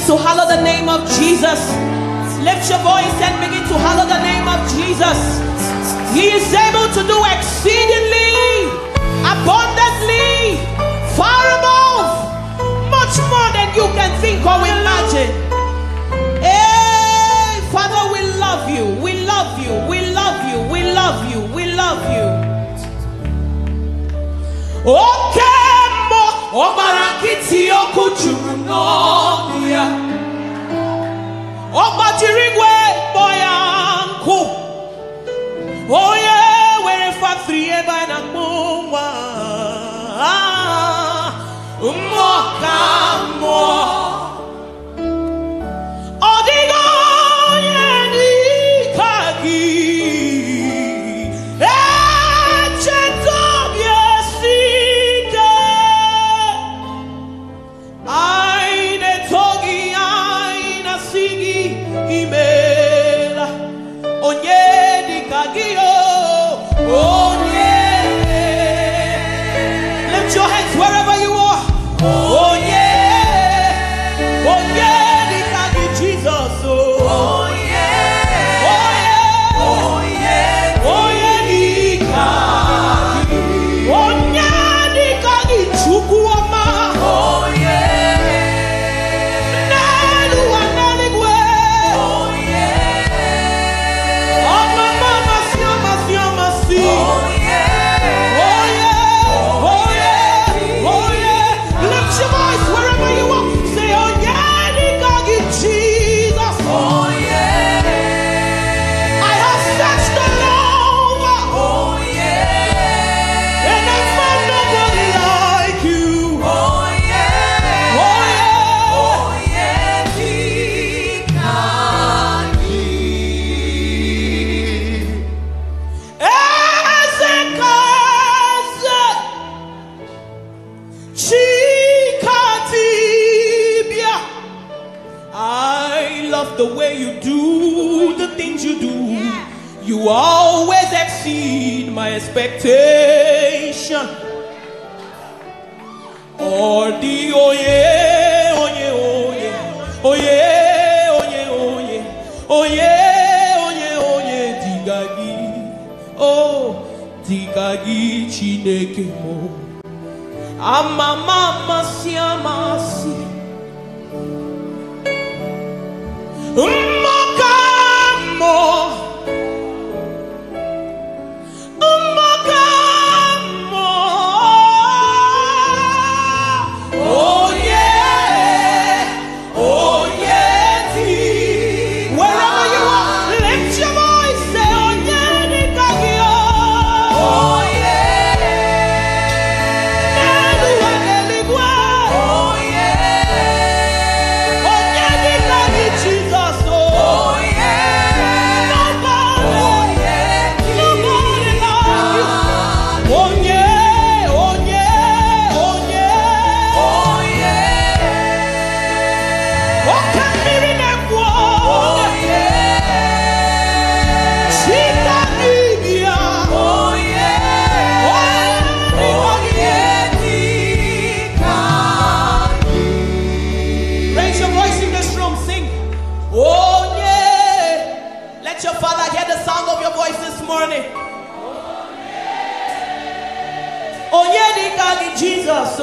begin to hallow the name of Jesus. Lift your voice and begin to hallow the name of Jesus. He is able to do exceedingly, abundantly, far above, much more than you can think or imagine. Hey, Father, we love you. We love you. We love you. We love you. We love you. Okay ọ gbara ọkụ juru n'ọnụ ya ọ gbajiri igwe kpọ nkụ onye were faktri ebe a na-akpọ nwa ah, mmụọ Chineke m amamamasiamasị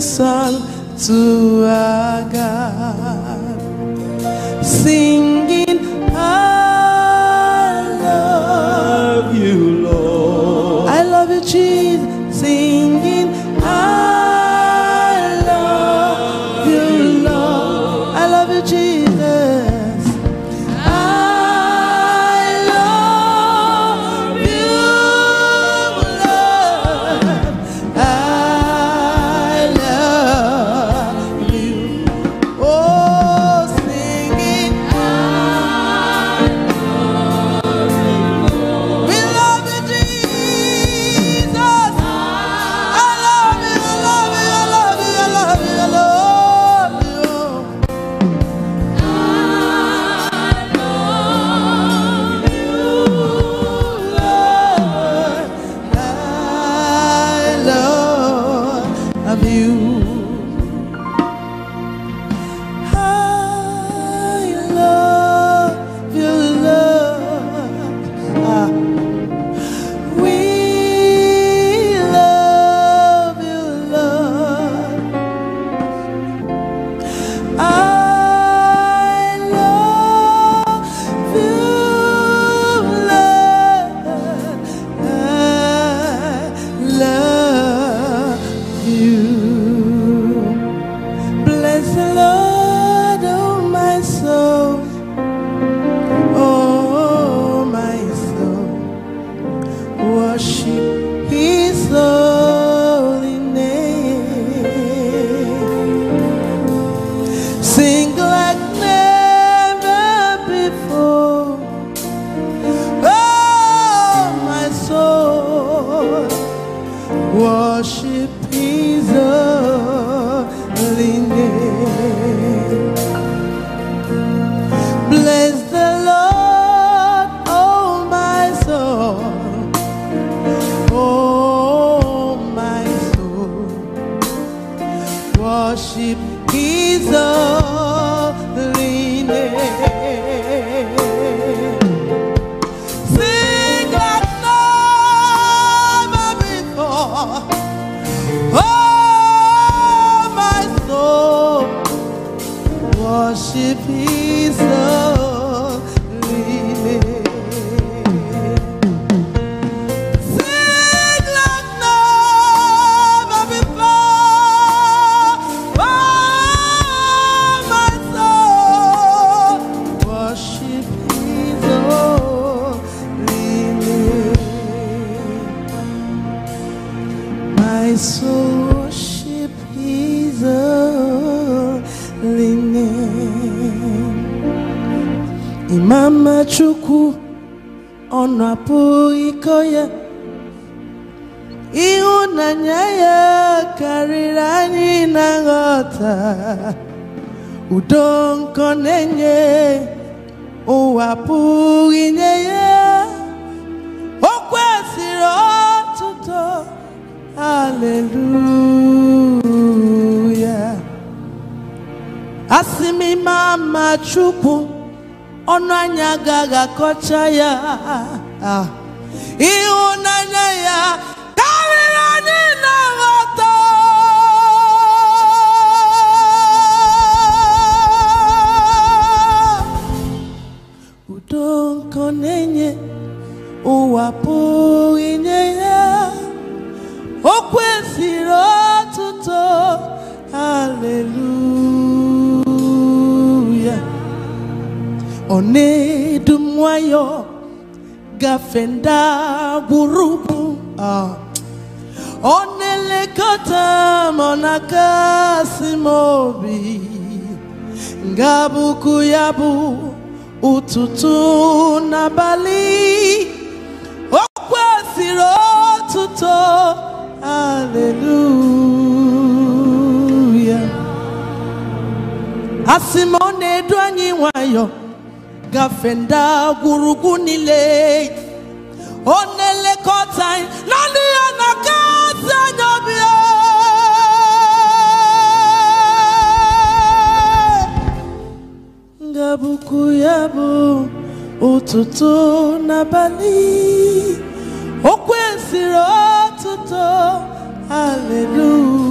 sol, tu agar. Sim. ncha ya ịhụnanya kavirani anyị na-aghọta udo nke uwapo enye ụwa pụghị inye ya o kwesịrị ọtụtụ haleluya ọ nwayọ gafe ndị gburugburu ọ ah. na-elekọta m ọ na-akasị m obi ngabụkụ ya bụ ụtụtụ n'abalị o kwesịrị ọtụtụ aleluya asị ọ na-edu anyị gafe ndagwurugwu gwurugwu niile ọ na-elekọta anyị naanị ya na-aka anya obi ya bụ ụtụtụ n'abalị o siri ọtụtụ aleluya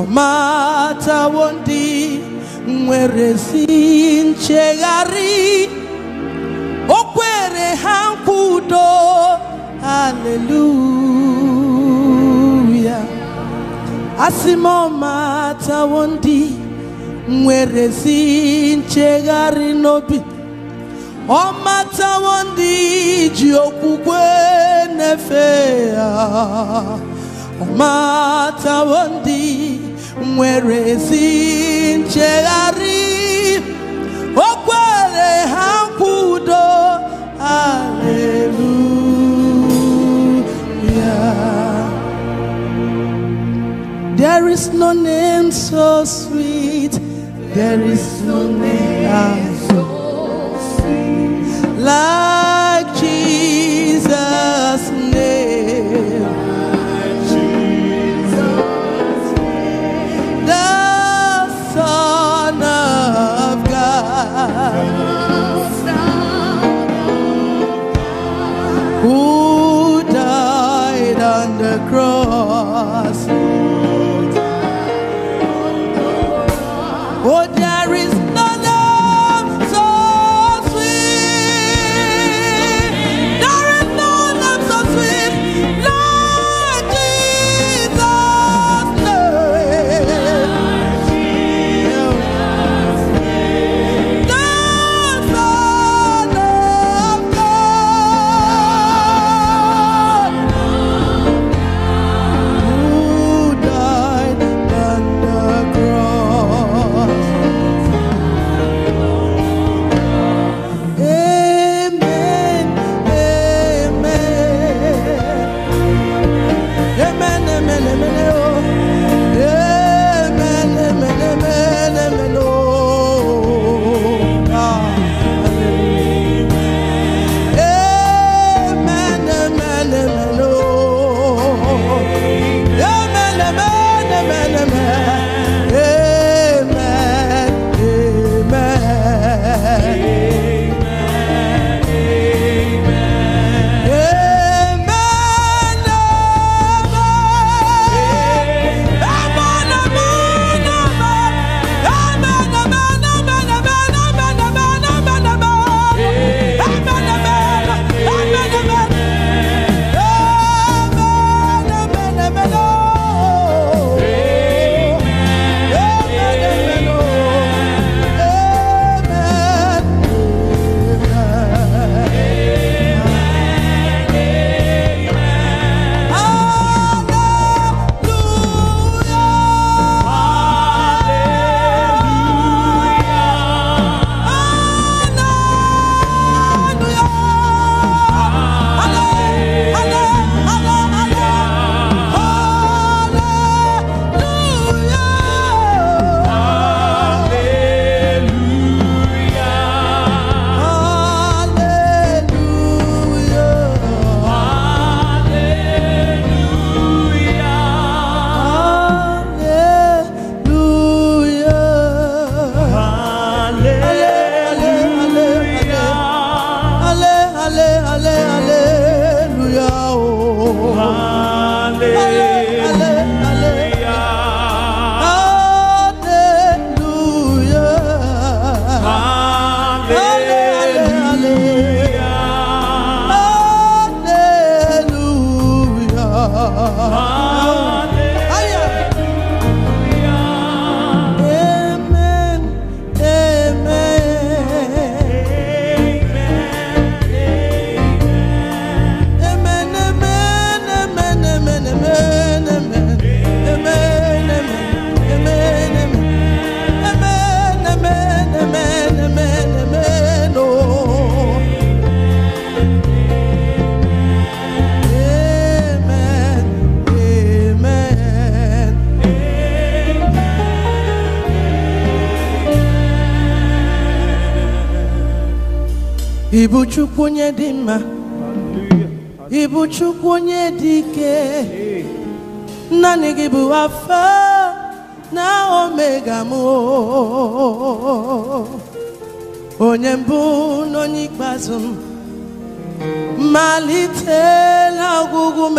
ọmatawo oh, ndị nwerezi nchegharị sinchegari, kwere ha nkwa udo haleluya asị m sinchegari ndị nwerezi nchegharị n'obi ọmatawo oh, ndị ji okwukwe na-efe ya mata wondi there is no name so sweet there is no name so sweet like ịbụ chukwu onye dị mma ịbụ chukwu dị ike naanị bụ na omega mo, onye mbụ malite onye ikpeazụ m malitela ọgwụgwụ m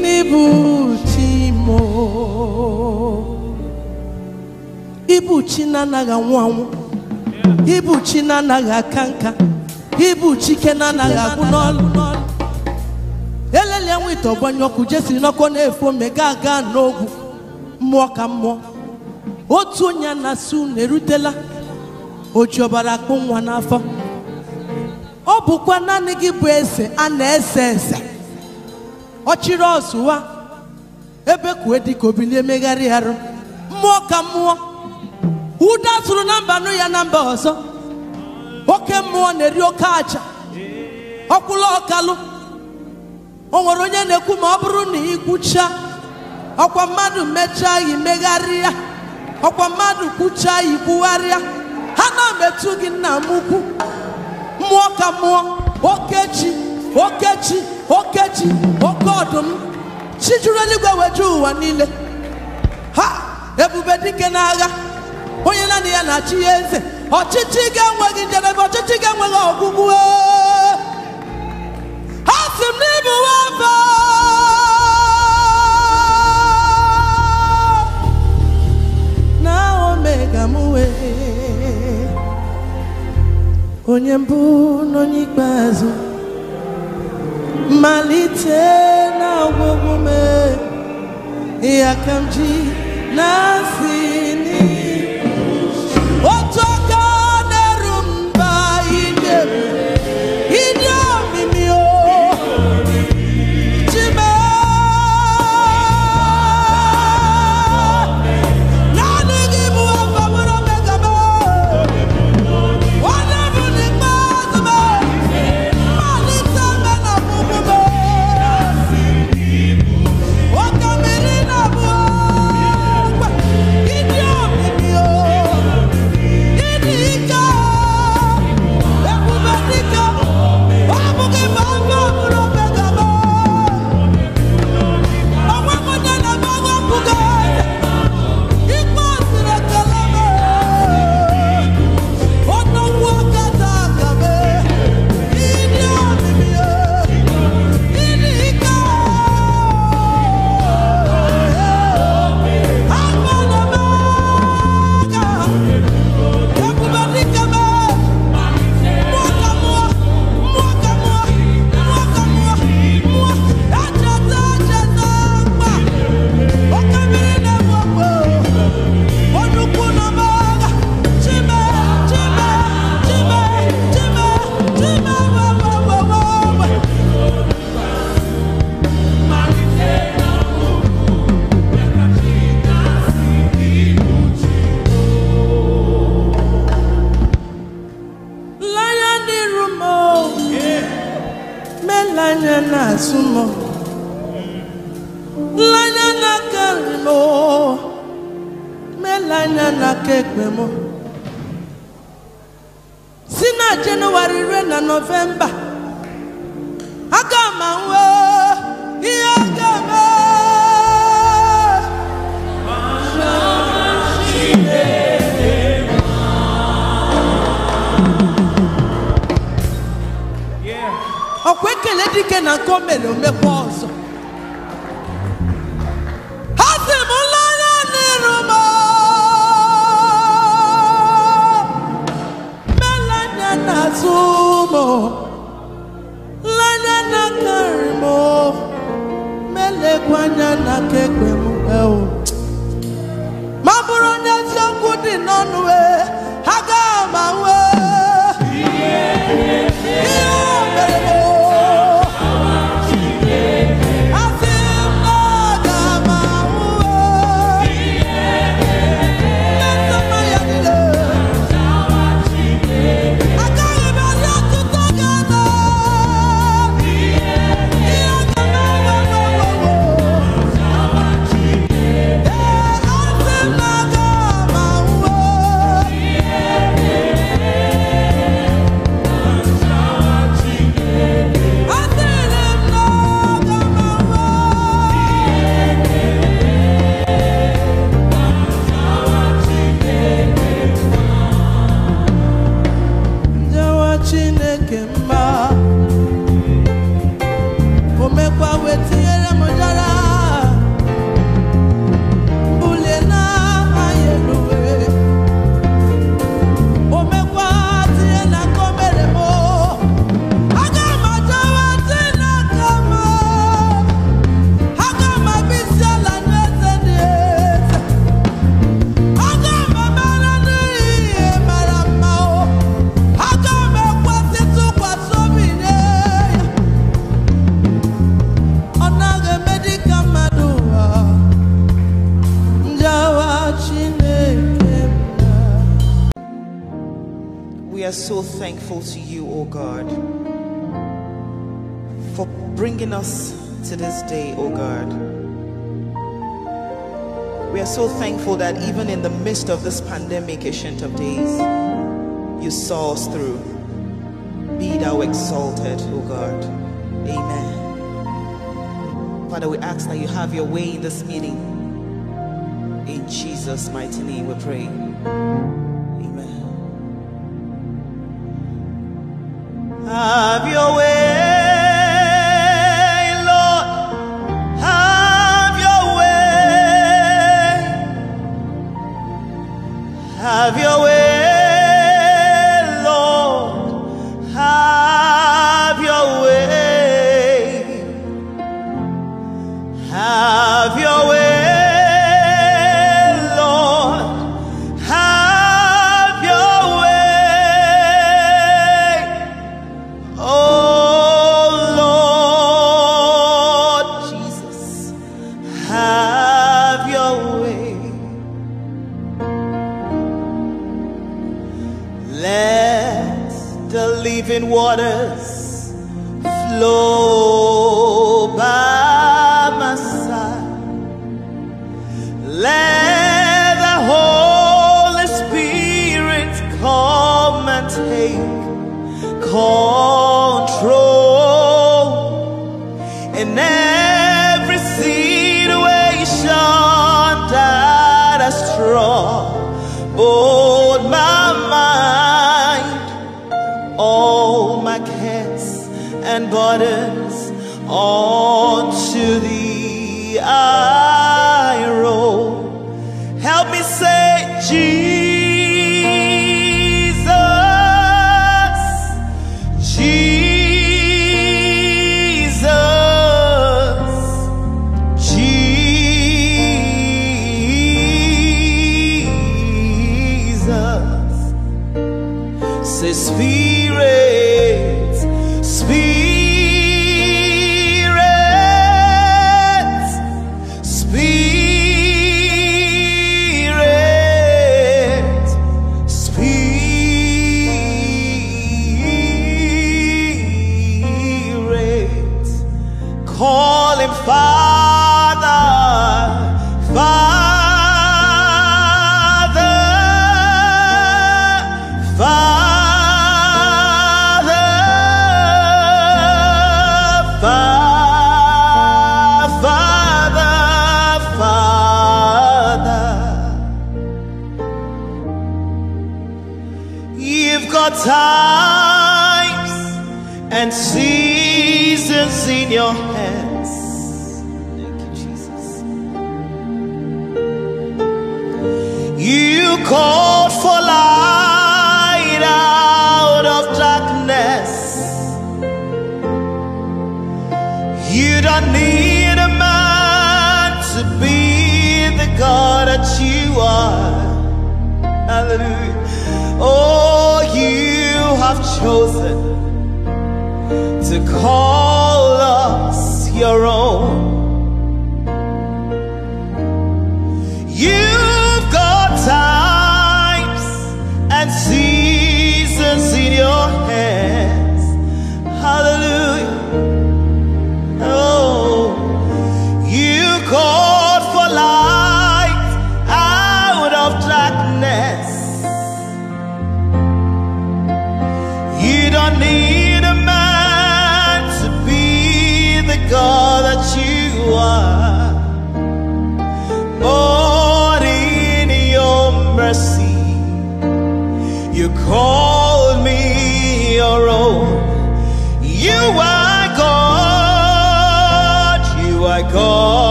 n'ịbụ ibu chi na-anaghị anwụ anwụ ibu chi na-anaghị aka nka ibu chike na-anaghị agwụ n'ọlụ elelia nwa ite ọgbanye ọkụ jesiri n'ọkụ na-efu ome gaa aga n'ogwu mmụọ ka mmụọ otu onye na-asị unu erutela o ji ọbara akpụ nwa n'afọ ọ bụkwa naanị gị bụ eze a na-ese ese ọchịrị ọzụwa ebe kuwe dịka obilie megharị arụ mmụọ ka mmụọ ụda tụrụ na mba ya na mba ọzọ oke mmụọ na-eri oke aja ọkwụla ọkalụ o nwere onye na-ekwu ma ọ bụrụ na ịkwụcha ọkwa mmadụ mechaa gị megharịa ọkwa mmadụ kwụchaa gị kwugharịa ha na-emetụ gị nna m ukwu mmụọ ka mmụọ okechi okechi okechi oke ọdụm chi eluigwe weju ụwa niile ha ebube dike n'agha onye naanị ya na-achị ya eze ọchịchị ga-enweghị njedebe ọchịchị ga-enweghị ọgwụgwụ ha sị m n'ịbụ nwamba na omega m onye mbụ na onye ikpeazụ mmalite na ọgwụgwụ ya ka m ji na asị n'ihe azụlọ nlanya n'aka nri na si na jenụwarị rue na nọvemba aga m anwe ihe aga m okwekele dike na nke o mere omekwa ọzọ ha mela anya n'azụ ụmụ na karị m melekwa anya na ka ekpe m ewu ma bụrụ dị n'ọnụ e, ha ga are so thankful to you, O oh God, for bringing us to this day, O oh God. We are so thankful that even in the midst of this pandemic, Ancient of Days, you saw us through. Be thou exalted, O oh God. Amen. Father, we ask that you have your way in this meeting. In Jesus' mighty name we pray. Have your way.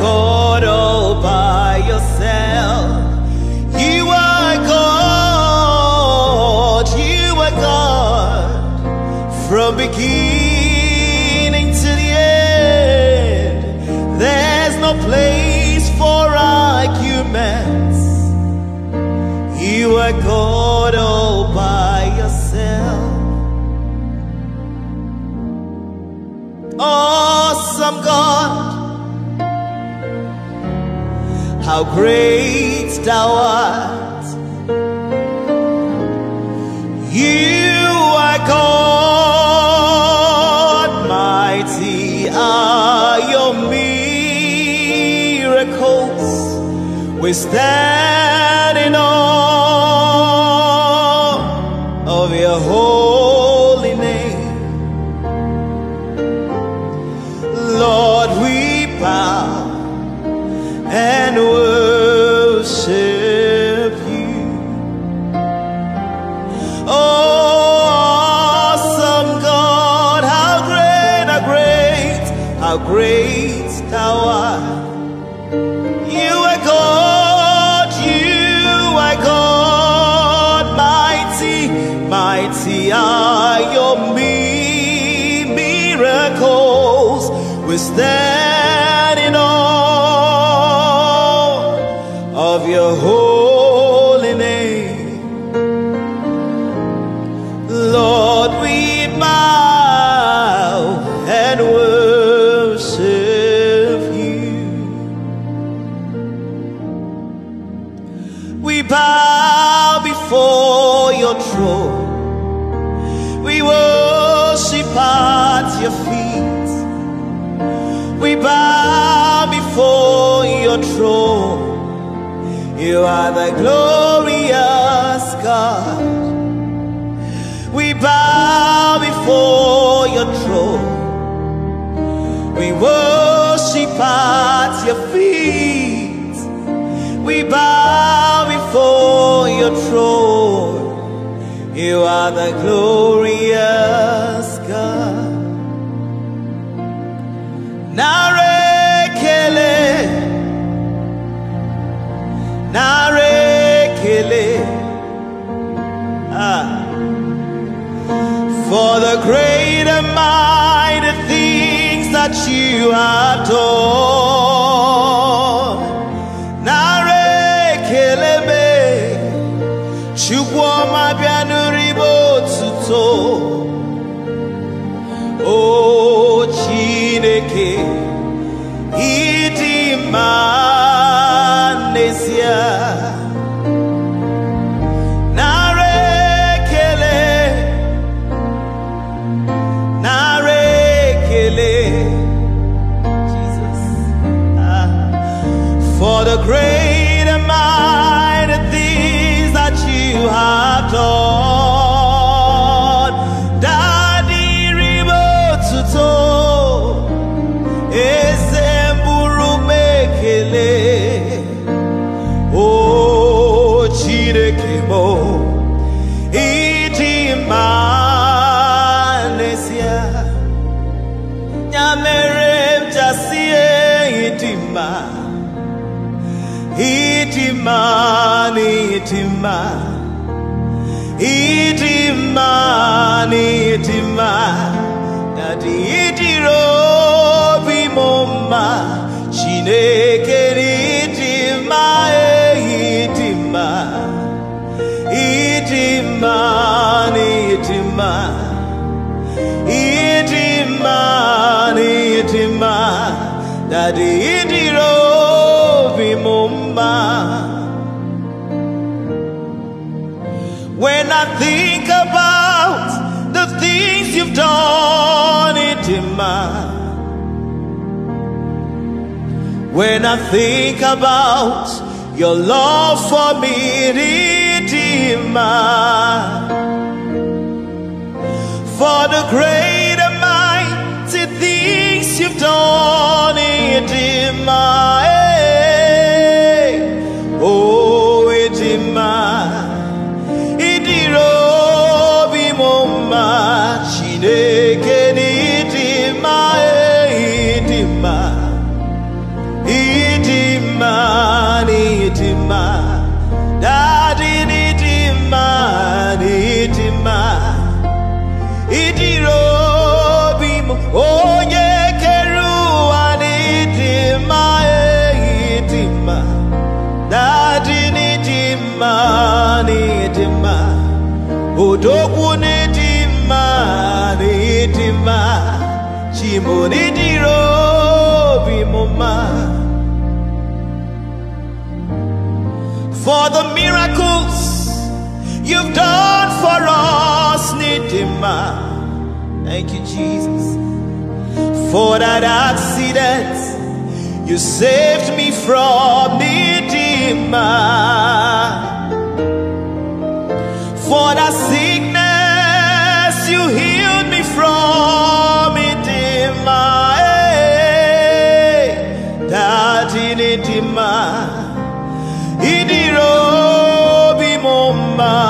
caught all by yourself. You are God, you are God from beginning to the end. There's no place for arguments. You are God all by yourself. Awesome God how great thou art. You are God, mighty are your miracles. We stand. glorious God. We bow before your throne. We worship at your feet. We bow before your throne. You are the glorious God. Now Now the great and mighty things that you have done. imani itimani itimani itimani dati itiro bimoma chineke itima itima itimani eh, itimani itimani itimani dati itiro think about the things you've done it in mind. When I think about your love for me, it Redeemer, for the great and mighty things you've done, it Redeemer. done for us, Nidima. Thank you, Jesus, for that accident. You saved me from Nidima. For that sickness, you healed me from Nidima. Hey, Daddy Nidima. Idiro Bimoma.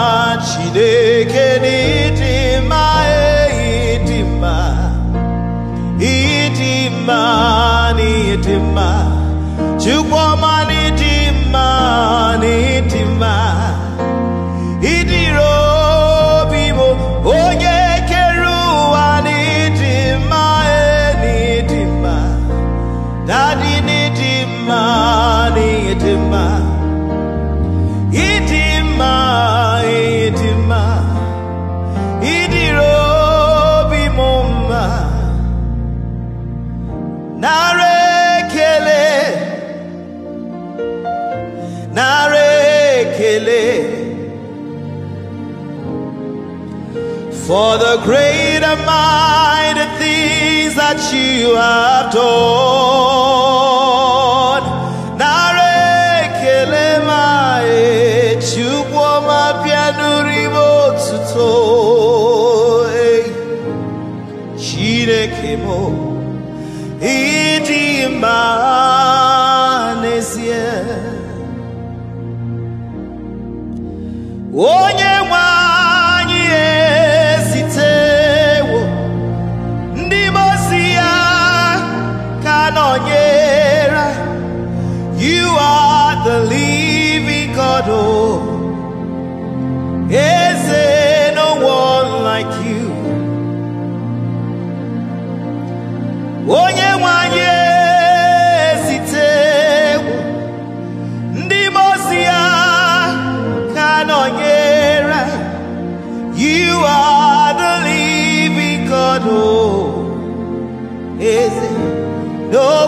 for the greater and mighty things that you have done. Nare kelema e chukwa mapianuri motuto e eh. chineke mo idimba nezie. Onye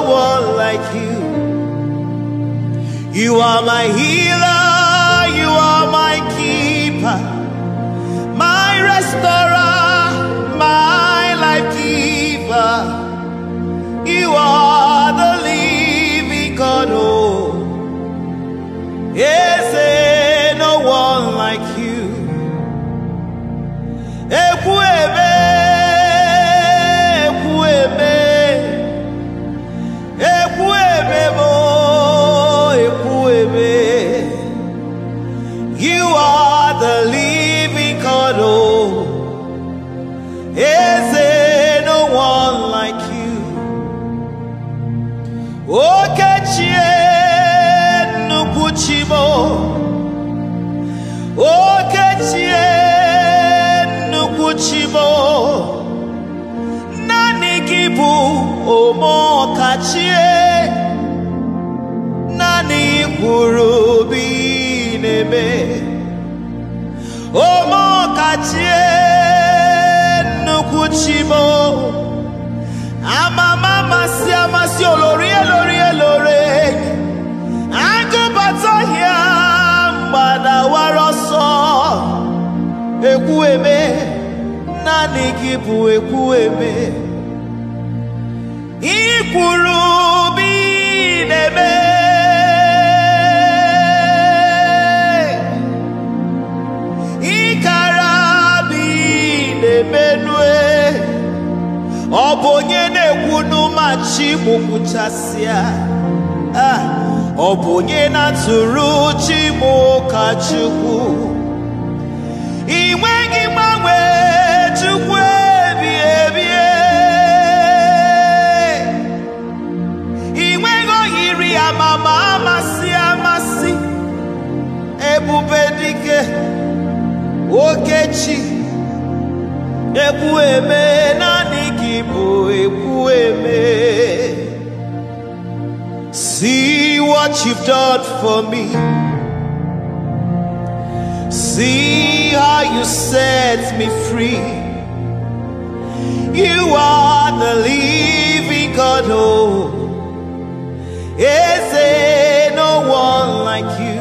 one like you. You are my healer. naanị gị bụ ekwu eme ikwuru obi na-eme ịkara bi na-emenue ọ bụ onye na-ekwu n'ụmachi gbokwuchasịa ọ bụ onye na-atụrụ chi m ụka Chukwu ị nweghị mgbanwe mama amasị amasị okechi eme eme See what you've done for me. See how you set me free. You are the living God. Oh, yeah no one like you.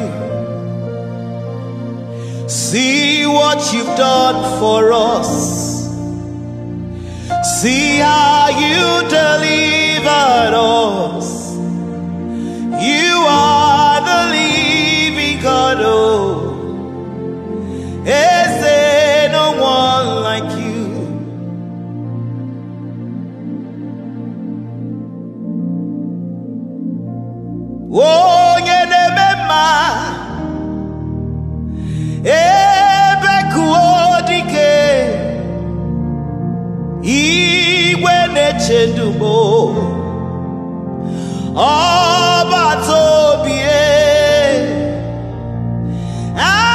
See what you've done for us. See how you delivered us. You are the living God. Oh. Hey. igwe na-echedugbo ọbata obi e.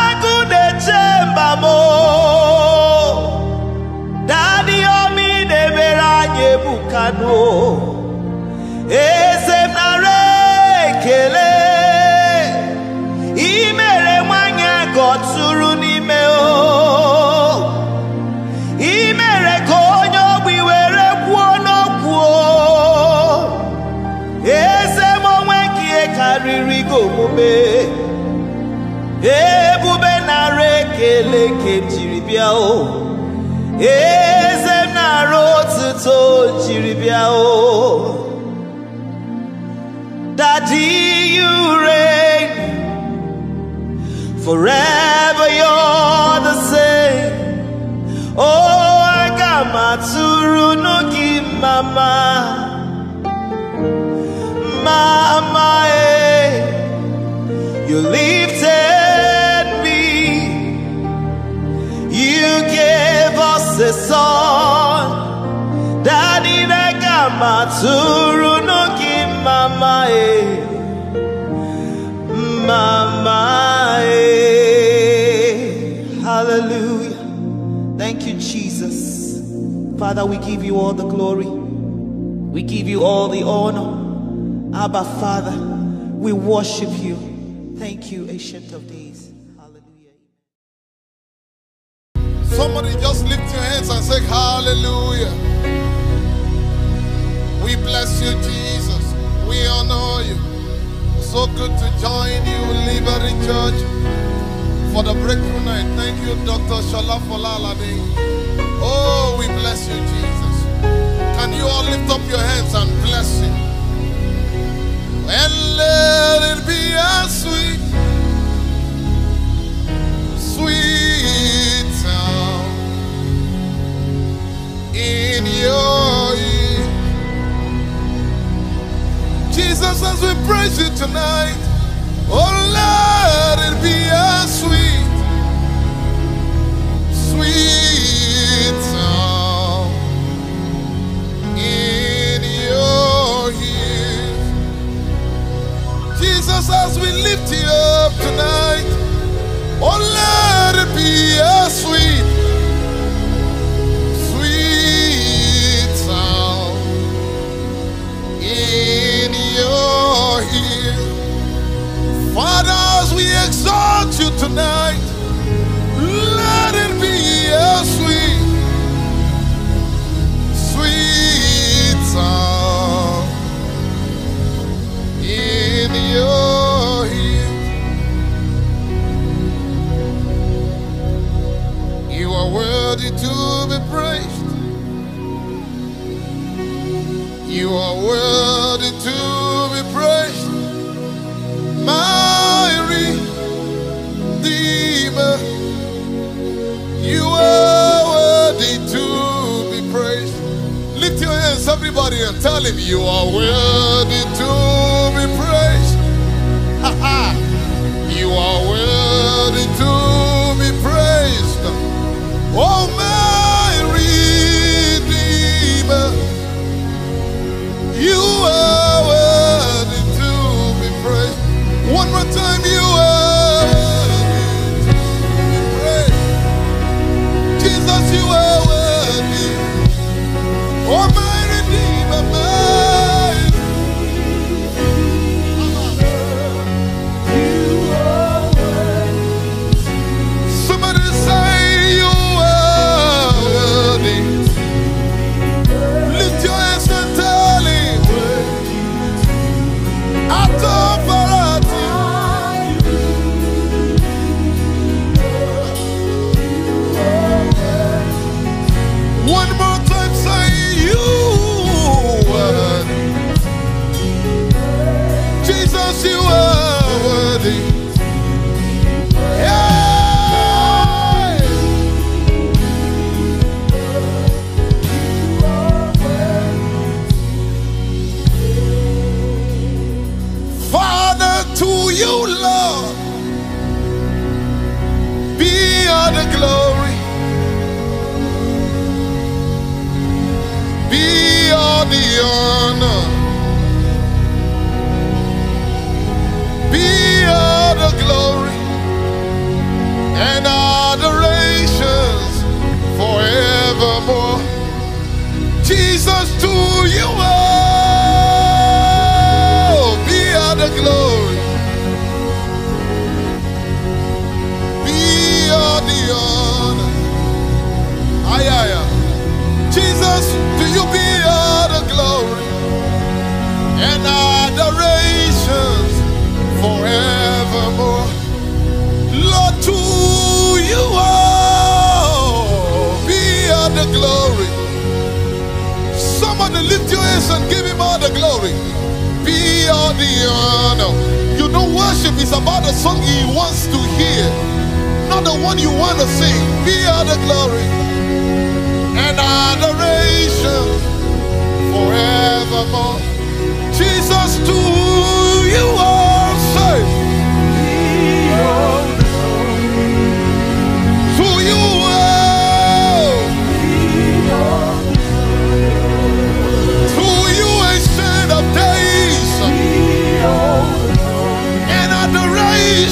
agụ na-eche mbamo dadi omi na-emere anyị ebukano eze m nara ekele imere nwanyị agọ ọtụrụ. omume ebube bịa o eze jiri bịa o daddy you reign forever you're the same oh aga m atụrụ n'oge mama You lifted me. You gave us a song. Daddy Nagama Tsuru no Mama e. Mama e. Hallelujah. Thank you, Jesus. Father, we give you all the glory. We give you all the honor. Abba, Father, we worship you. Ancient of Days. Hallelujah. Somebody just lift your hands and say, Hallelujah. We bless you, Jesus. We honor you. So good to join you, Liberty Church, for the breakthrough night. Thank you, Dr. Shala Folalade. Oh, we bless you, Jesus. Can you all lift up your hands and bless him? And let it be as sweet sweet sound in your Jesus, as we praise you tonight, oh Lord, it be a sweet, sweet sound in your Jesus, as we lift you up tonight. Oh, let it be a sweet, sweet sound in your ear. Fathers, we exalt you tonight. Let it be a sweet. to be praised. You are worthy to be praised. My Redeemer, you are worthy to be praised. Lift your hands, everybody, and tell him you are worthy to be praised. You are worthy to be praised. Oh you away. Oh, oh. the uh, You know, worship is about the song he wants to hear, not the one you want to sing. Be the glory and adoration forevermore. Jesus, to you are.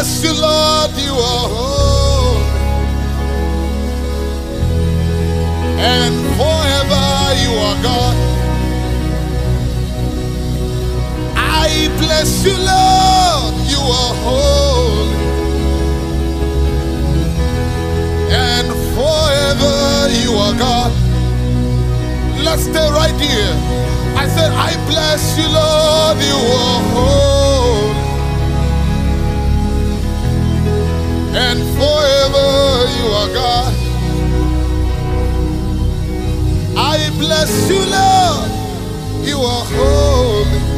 bless you, Lord, you are holy. And forever you are God. I bless you, Lord, you are holy. And forever you are God. Let's stay right here. I said, I bless you, Lord, you are holy. you are God. I bless you, Lord. You are holy.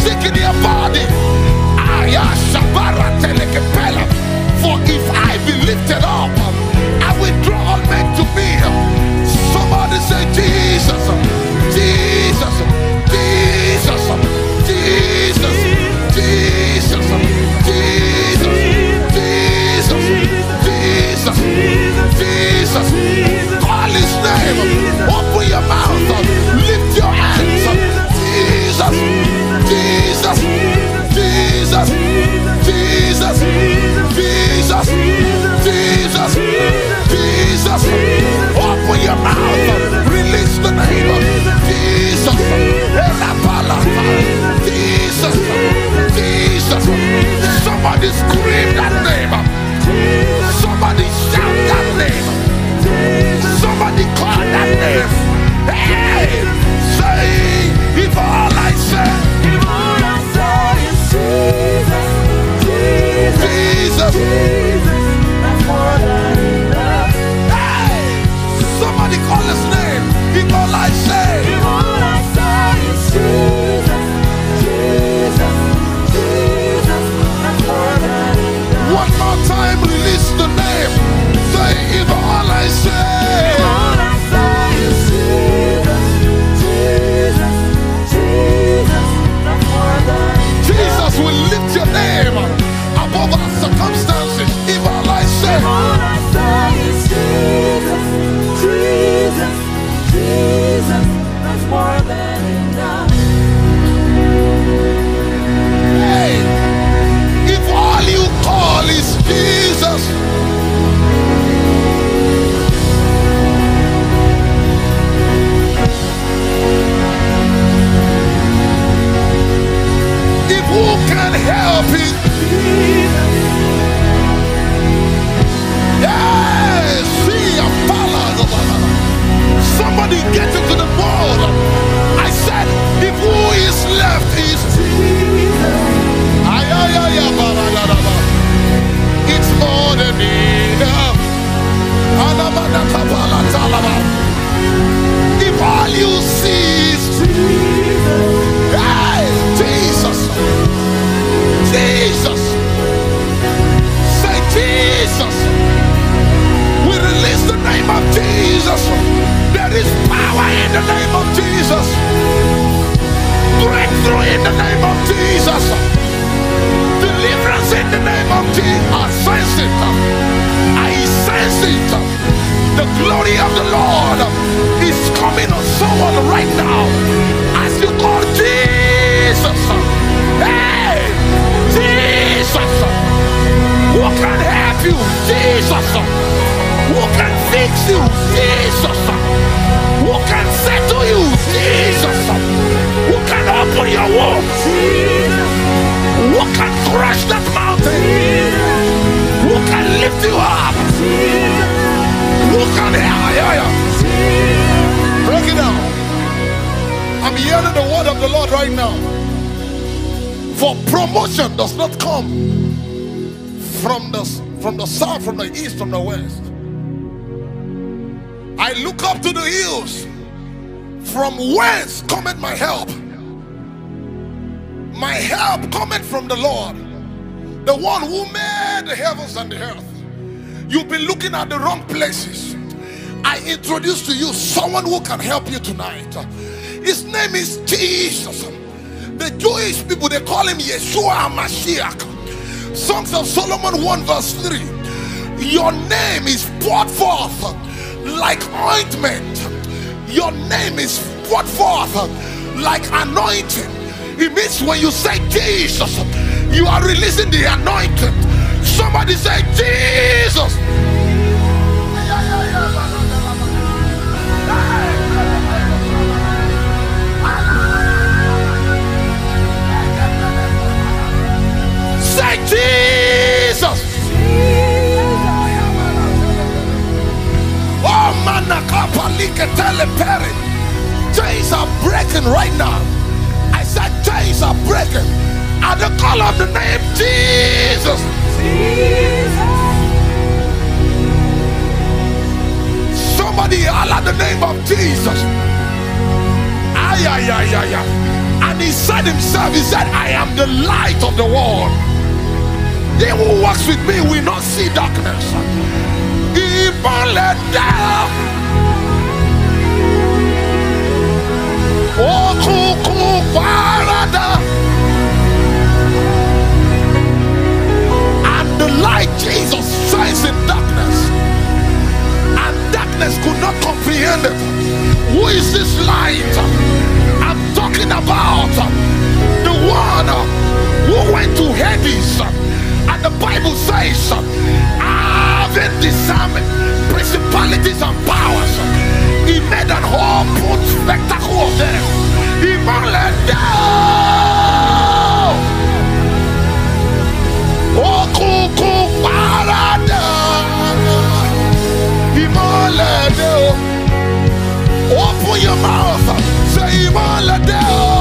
sick in your body. For if I be lifted up, Hey, say, if all I say, if all I say Jesus, Jesus, Jesus. Get into the board. I said, if who is left is Jesus. It's more than enough. If all you see is hey, Jesus, Jesus, say Jesus. We release the name of Jesus. There is power in the name of Jesus. Breakthrough in the name of Jesus. Deliverance in the name of Jesus. I sense it. I sense it. The glory of the Lord is coming on someone right now. As you call Jesus. Hey, Jesus. Who can help you? Jesus. Who can fix you? Jesus who can settle you, Jesus, who can open your womb who can crush that mountain, who can lift you up, who can hear you. Break it down. I'm hearing the word of the Lord right now. For promotion does not come from the from the south, from the east, from the west look up to the hills, from whence cometh my help? My help cometh from the Lord, the one who made the heavens and the earth. You've been looking at the wrong places. I introduce to you someone who can help you tonight. His name is Jesus. The Jewish people they call him Yeshua Mashiach. Songs of Solomon 1 verse 3. Your name is poured forth like ointment. Your name is brought forth like anointing. It means when you say Jesus, you are releasing the anointing. Somebody say Jesus. Say Jesus. Chains are breaking right now. I said chains are breaking. At the call of the name Jesus. Jesus. Somebody love the name of Jesus. Ay, ay, ay, ay, ay. And he said himself, he said, I am the light of the world. They who walks with me will not see darkness keep on let down. Oh, cool, cool, Father. And the light, Jesus, shines in darkness. And darkness could not comprehend it. Who is this light? I'm talking about the one who went to Hades. And the Bible says, having disarmed principalities and powers, he made an open spectacle of them. He let them. Oh, cuckoo, parada. He let them. Open your mouth. Say, he let them.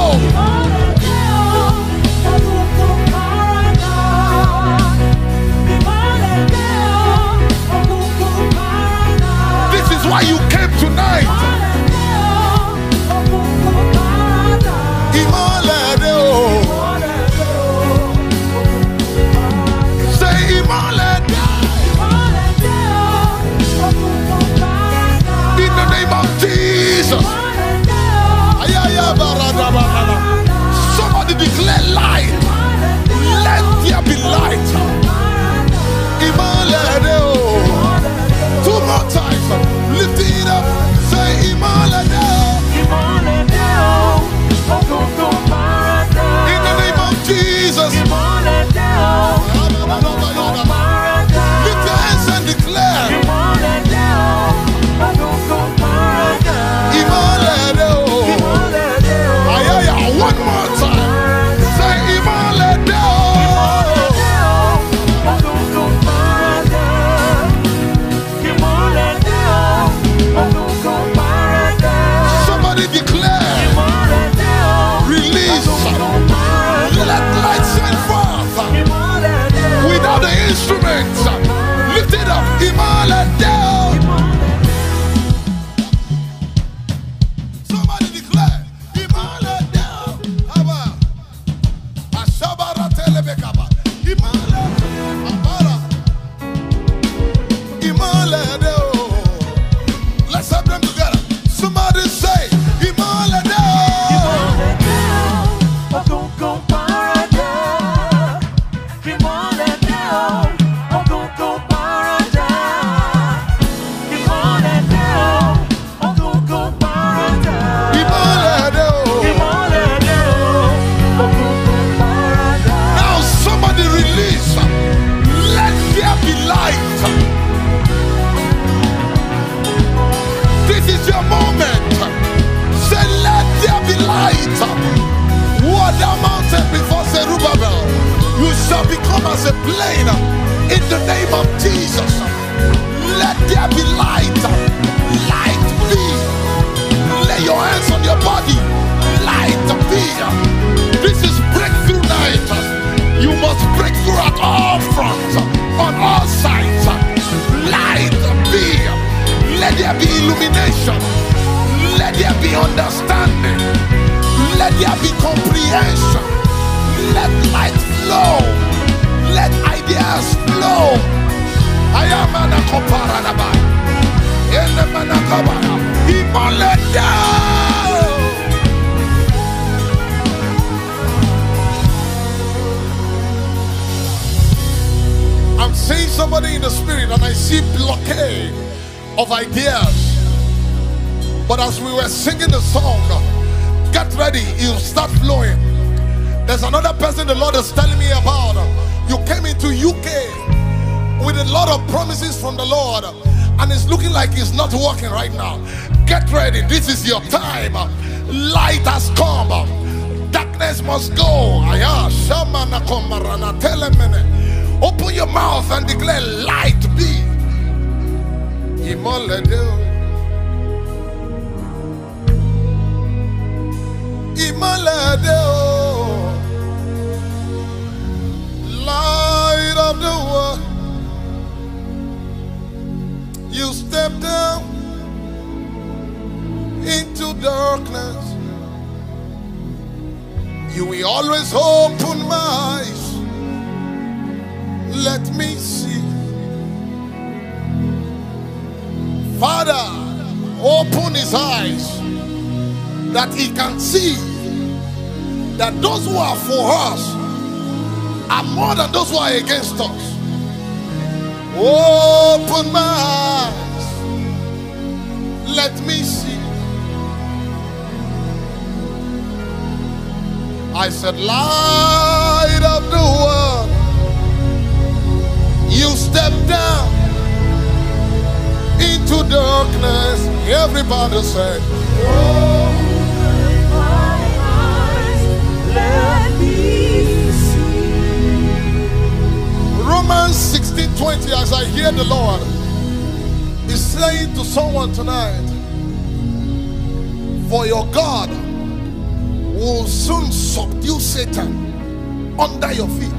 under your feet.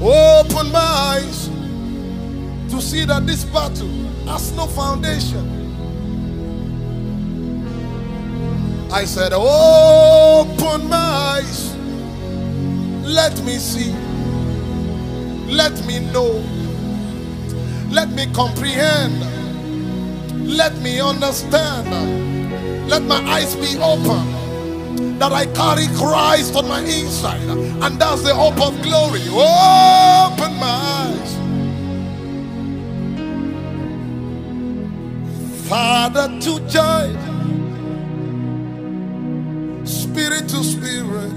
Open my eyes to see that this battle has no foundation. I said, Open my eyes. Let me see. Let me know. Let me comprehend. Let me understand. Let my eyes be open that I carry Christ on my inside. And that's the hope of glory. Open my eyes. Father to judge, Spirit to Spirit,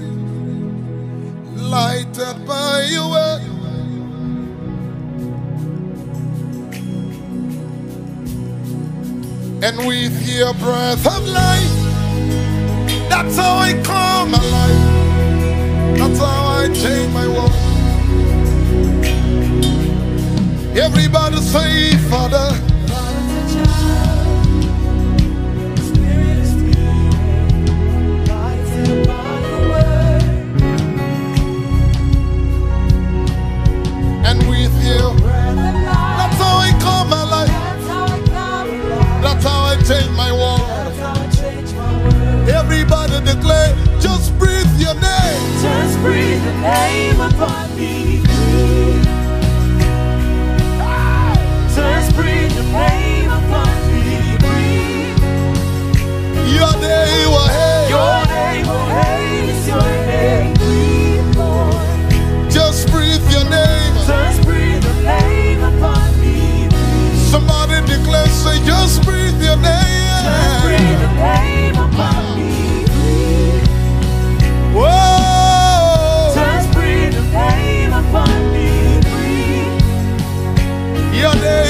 lighted by your word. And with your breath of life. That's how I come alive. That's how I change my world. Everybody say, Father. Father's a child. Spirit is spirit. God's in word. And with you. That's how I come alive. That's how I change my world. Everybody declare, just breathe your name. Just breathe the name upon me. Ah! Just breathe the name upon me. Breathe. Your day Your day your day. Breathe, Lord. Just breathe your name. Just breathe the name upon me. Somebody declare, say, just breathe your name. Just breathe the name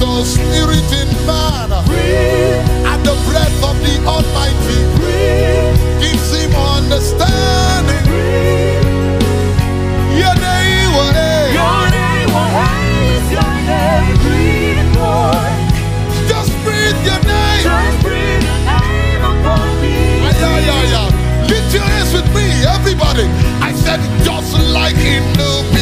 the spirit in man and the breath of the Almighty gives him understanding. Your name, Your name, your name? Breathe, Lord. Just breathe your name. Just breathe your name upon me. Lift your hands with me, everybody. I said, just like in the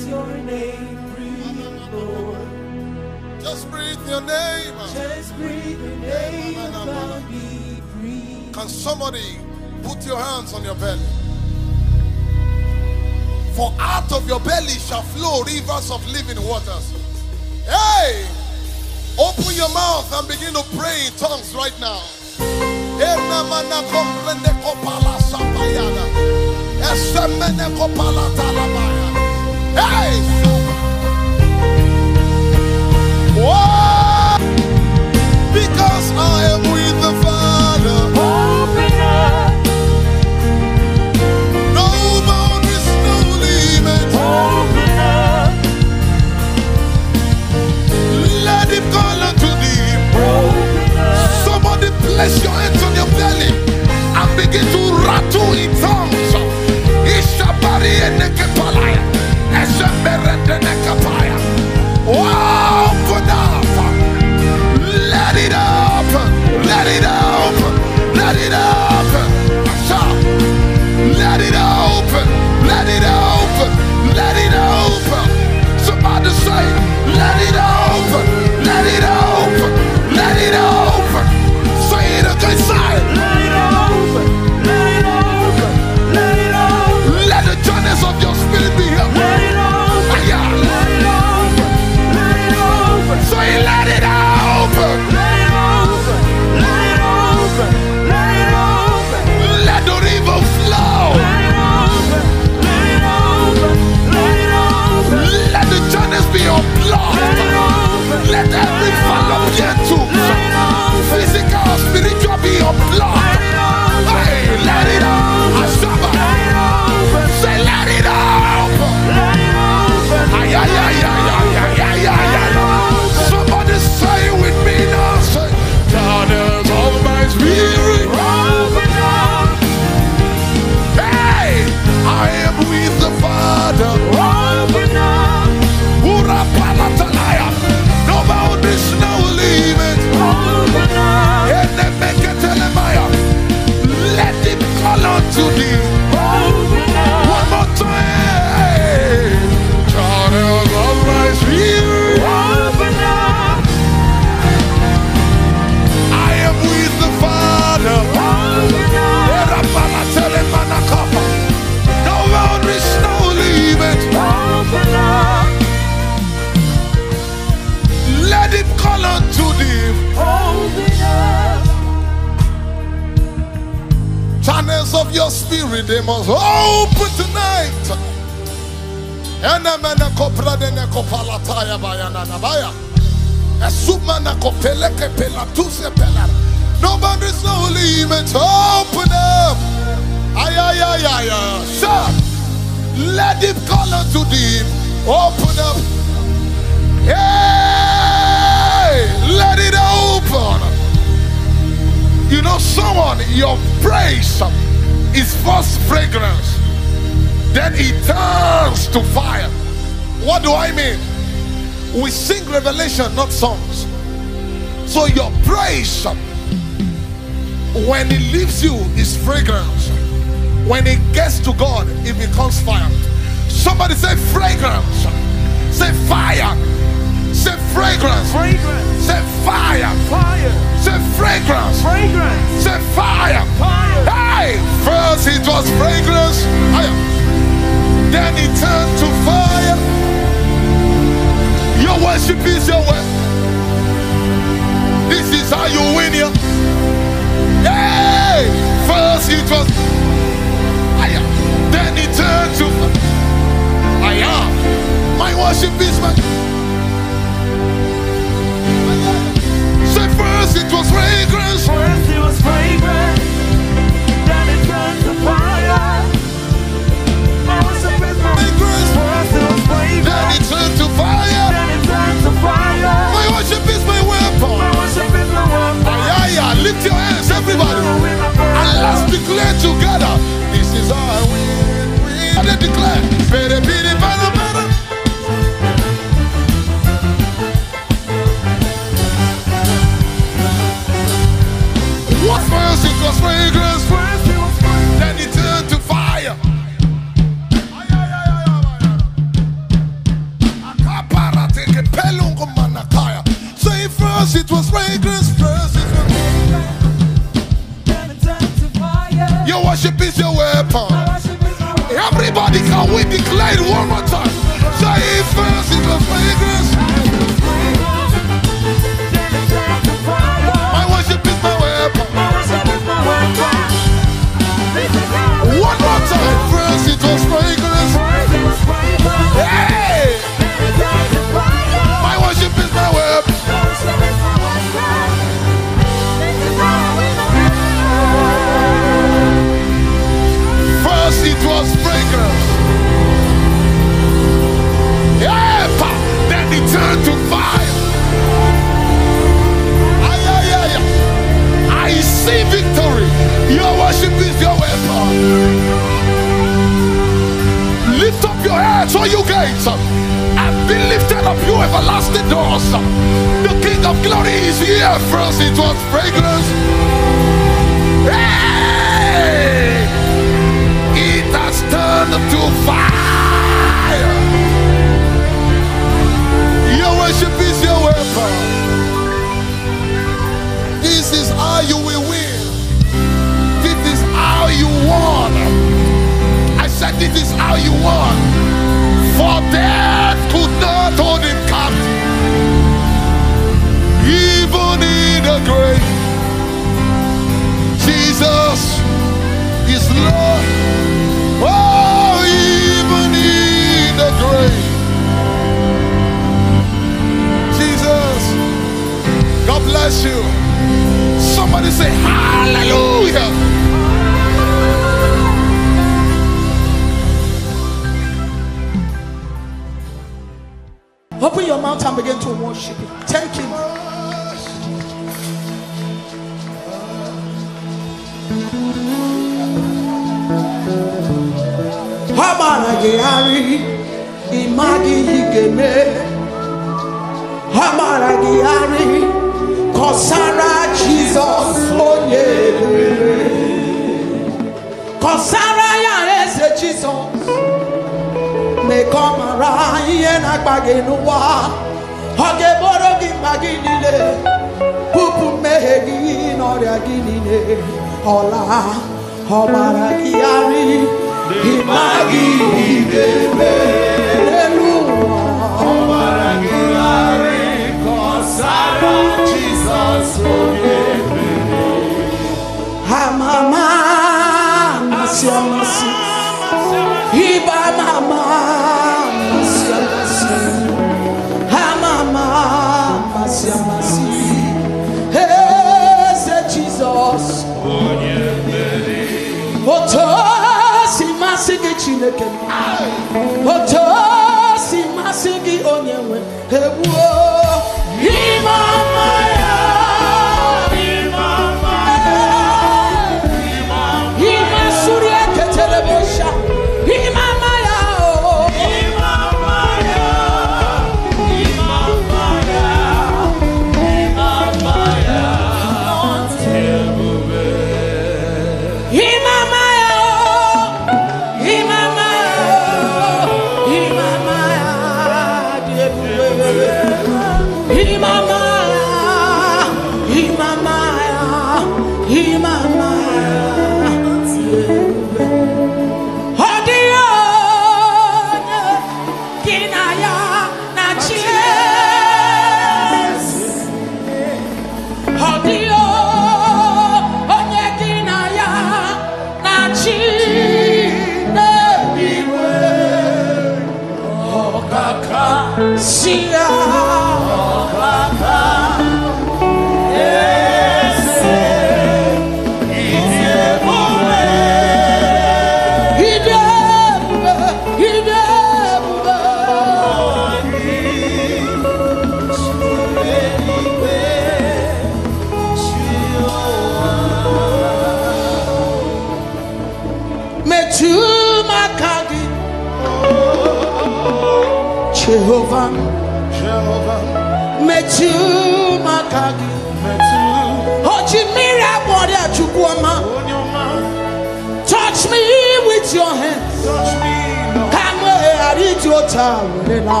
chawelela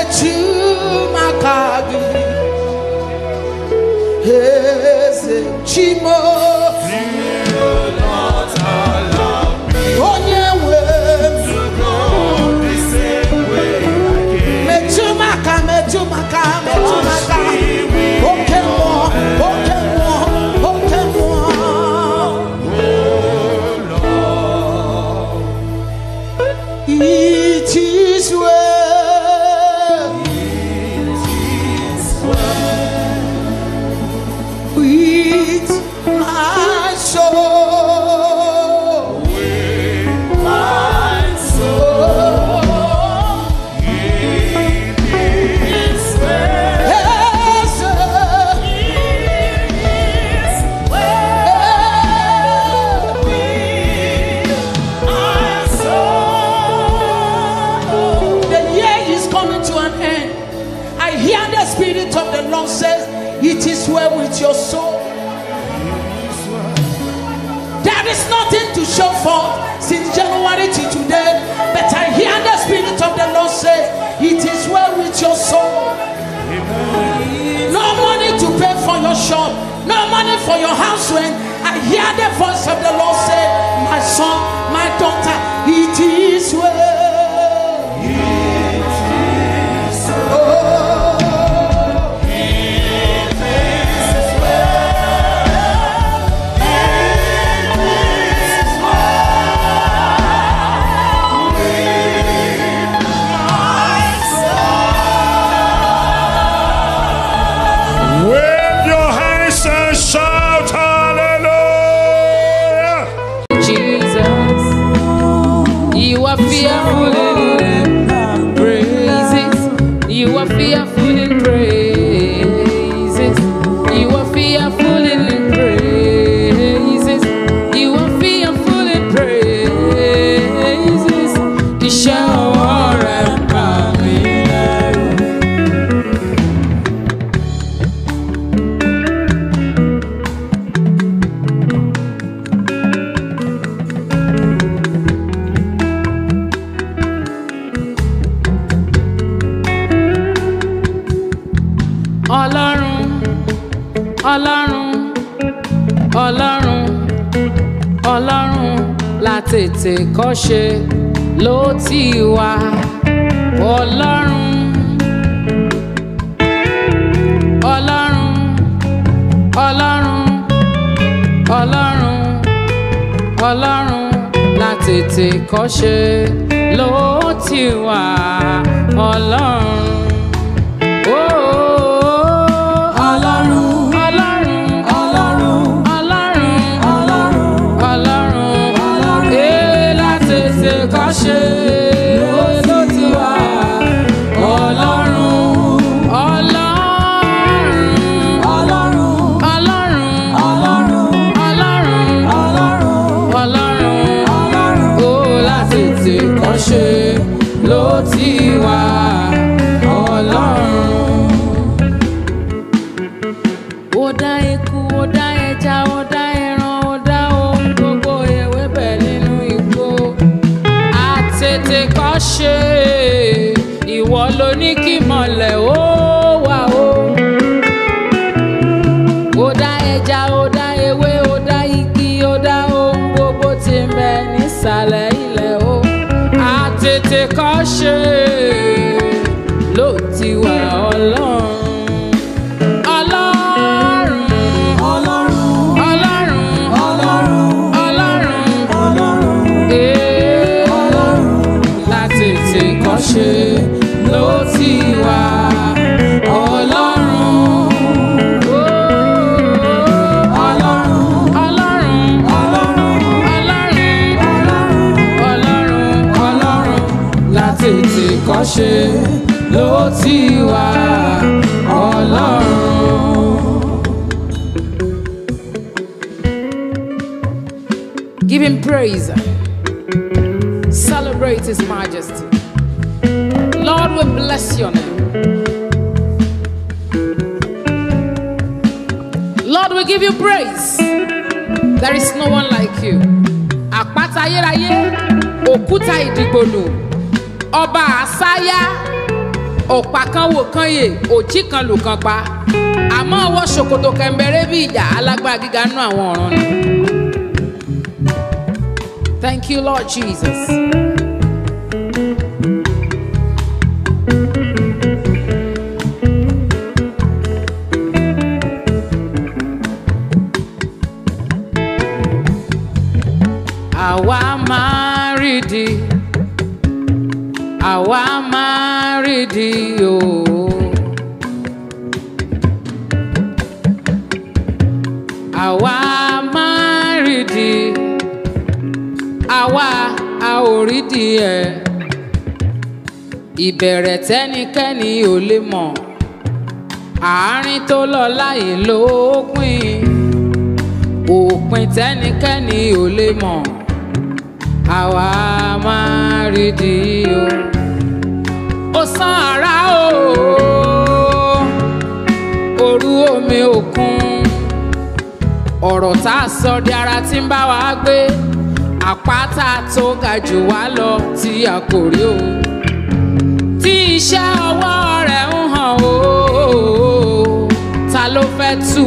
echumakagi eze chimo money for your house rent, I hear the voice of the Lord say, My son, my daughter, it is well. Hashem. kan lù pa àmọ́ ọwọ́ ṣòkòtò kẹ̀mbẹ̀rẹ́ bí ìjà alágbára gíga nú àwọn ọ̀ràn ni. Thank you, Lord Jesus. ìbẹ̀rẹ̀ tẹ́nikẹ́ni ò lè mọ̀ àárín tó lọ láì lópin òpin tẹ́nikẹ́ni ò lè mọ̀ àwa máa rí di o ó sàn ara o òru omi òkun ọ̀rọ̀ tá a sọ di ara tí ń bá wa gbé àpáta tó ga jù wá lọ tí a kò rí o tí iṣẹ́ ọwọ́ rẹ̀ ń hàn ó ta ló fẹ́ tú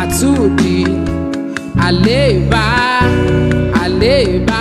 àtúndì àléébá àléébá.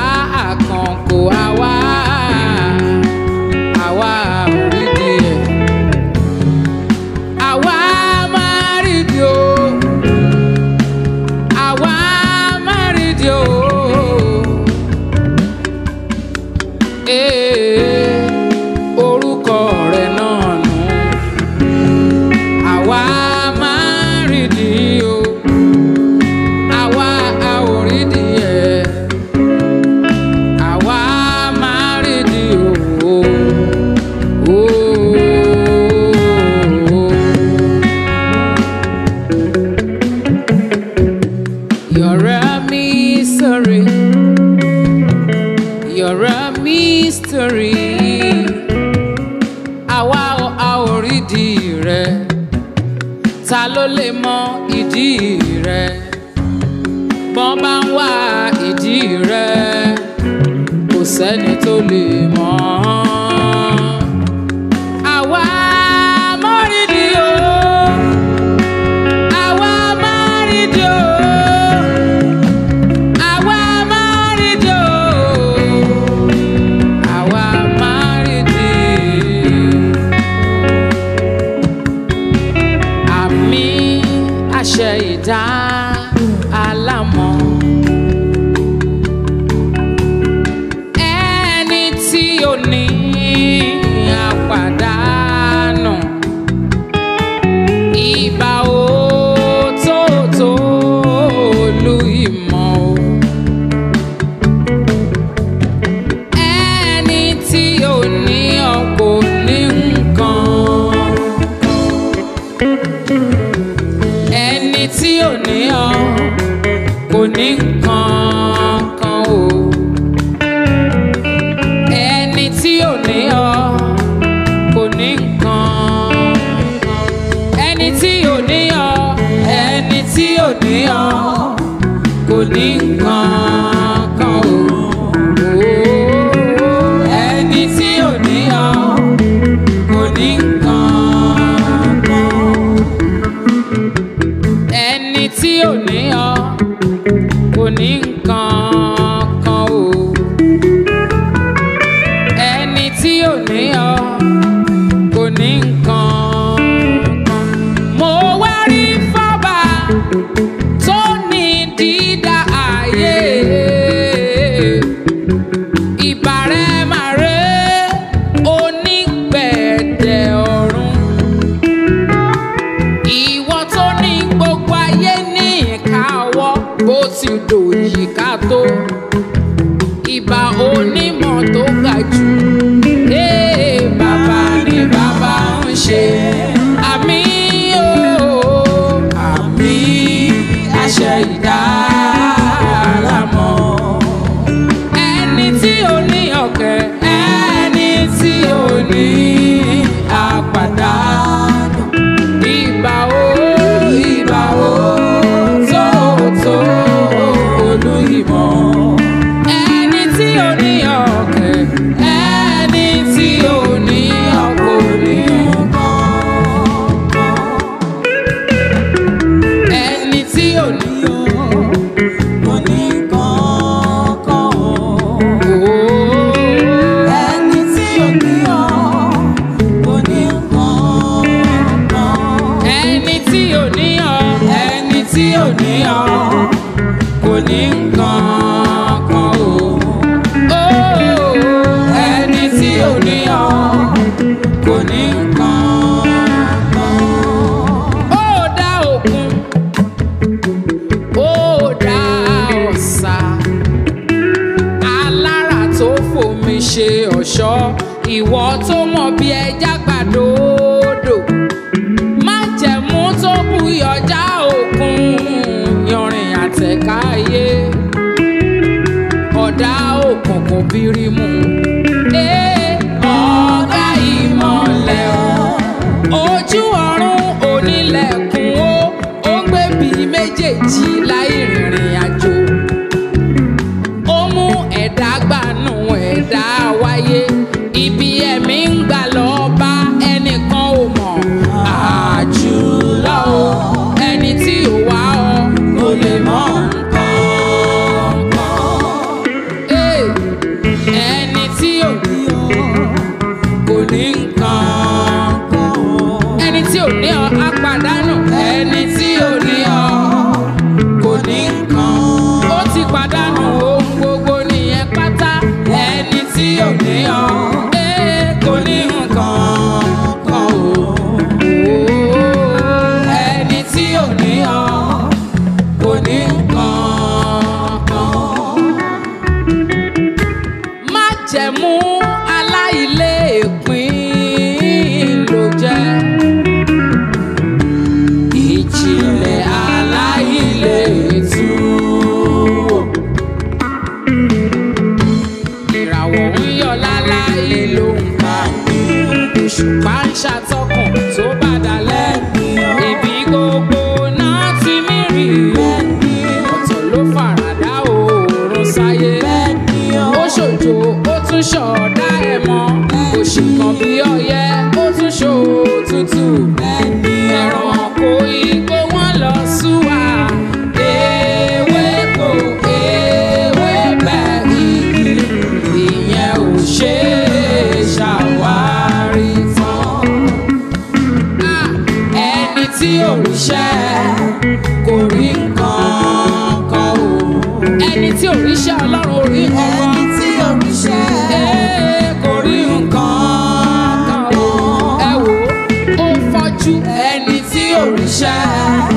èjìká tó ibà ó. mo bírí mú and shine.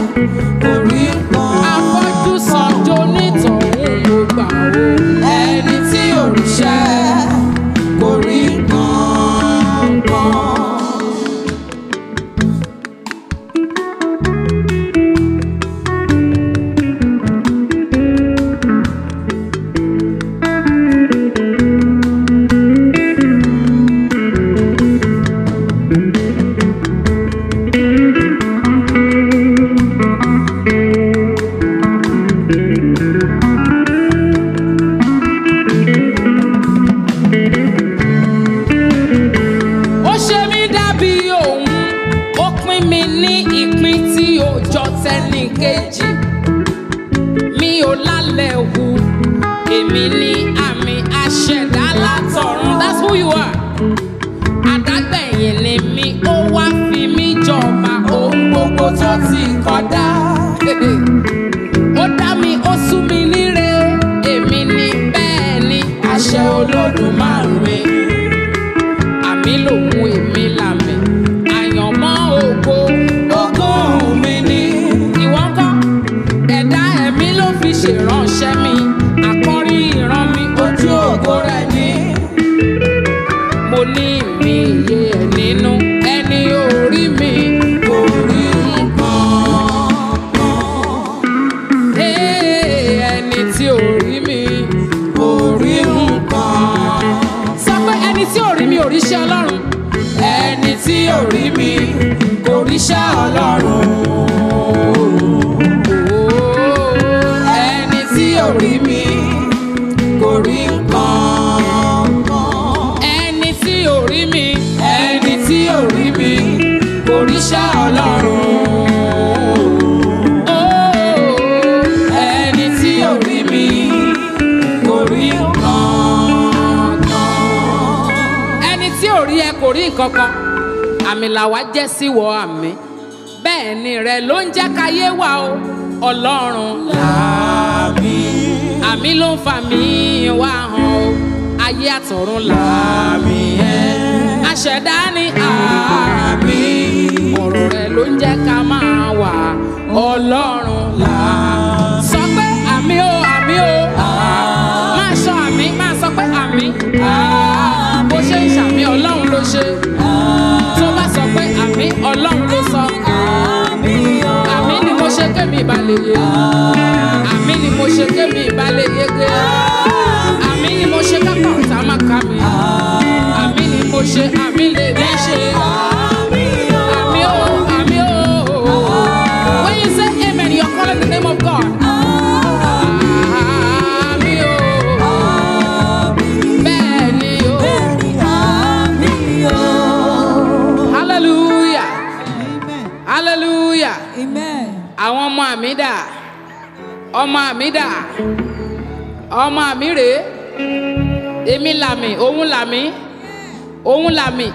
òun làmì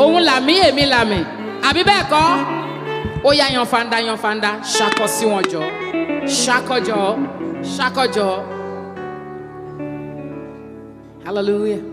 òun làmì èmi làmì àbí bẹ́ẹ̀ kọ́ ó yá yanfanda yanfanda ṣakọ sí wọn jọ ṣakọjọ ṣakọjọ hallelujah.